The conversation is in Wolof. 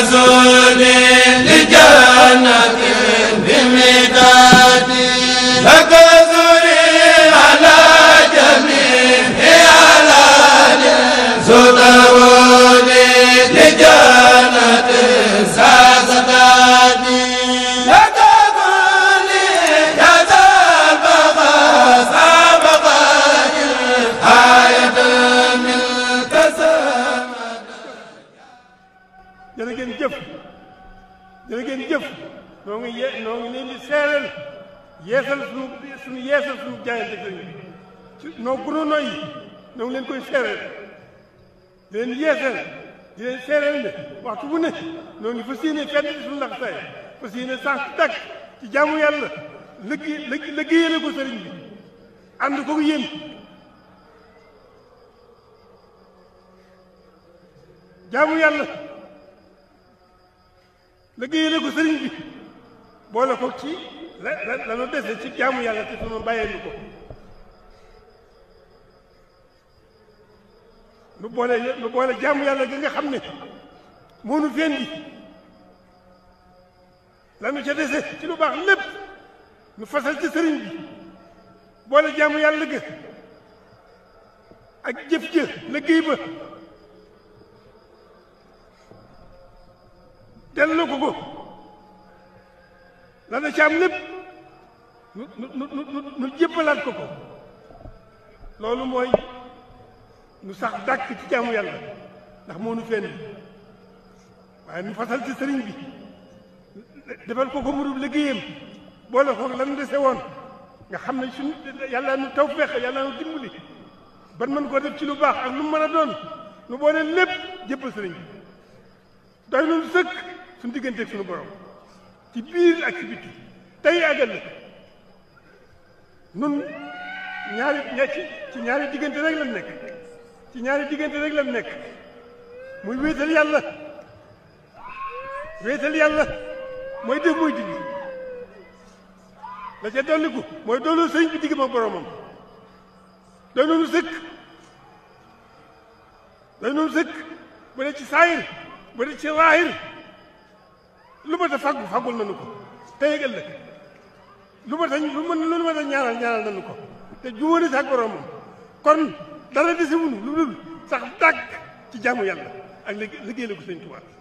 الرسول لجنة بمداد لك زوري على جميع على زود لجنة jërë ngeen jëf jërë ngeen jëf noo ngi ye noo ngi leen di seeral yeesal suñu suñu yeesal suñu jaayante sëriñ noo gënoon nooy noo leen koy seeral di leen yeesal di leen ne waxtu bu ne noo ngi fas yéene fenn suñu laxasaay fas ci jaamu yàlla lëggi lëggi lëggéeyale ko sëriñ ko yéen jaamu yàlla liggéey la ko sëriñ bi boole ko ci la la la nu dese ci jaamu yàlla te sunu bàyyee ñu ko nu boole nu boole jaamu yàlla gi nga xam ne moo nu fendi la nu ca dese ci lu baax lépp nu fasal ci sëriñ bi boole jaamu yàlla ga ak jëf jë liggéey ba delloo ko ko la na ci am lépp nu nu nu nu jébbalaat ko ko loolu mooy nu sax dàkk ci jaamu yàlla ndax moo nu fenn waaye nu fasal ci sëriñ bi defal ko ko murub liggéeyam boole ko lan dese woon nga xam ne suñ yàlla nu taw feex yàlla nu dimbali ban mën koo def ci lu baax ak lu mu mën a doon nu boole lépp jébbal sëriñ bi doy nu sëkk suñu digganteeg suñu borom ci biir ak ci biti tey ak nun ci ñaari diggante rek lañ nekk ci ñaari diggante la lañ nekk muy wéetal yàlla wéetal yàlla mooy def muy dindi la ca dolliku mooy doolu sëñ bi digg ma boromam doy noonu sëkk doy noonu sëkk bu dee ci saayir bu dee ci laahir lu ma ta faggu faggul nañu ko tey ak ëllëg lu ma ta lu mën lu ma ta ñaanal ñaanal nañu ko te juwóone sax boromam kon dara dese wunu lu dul sax dàkk ci jaamu yàlla ak liggéey la ko sëñ Tuubaa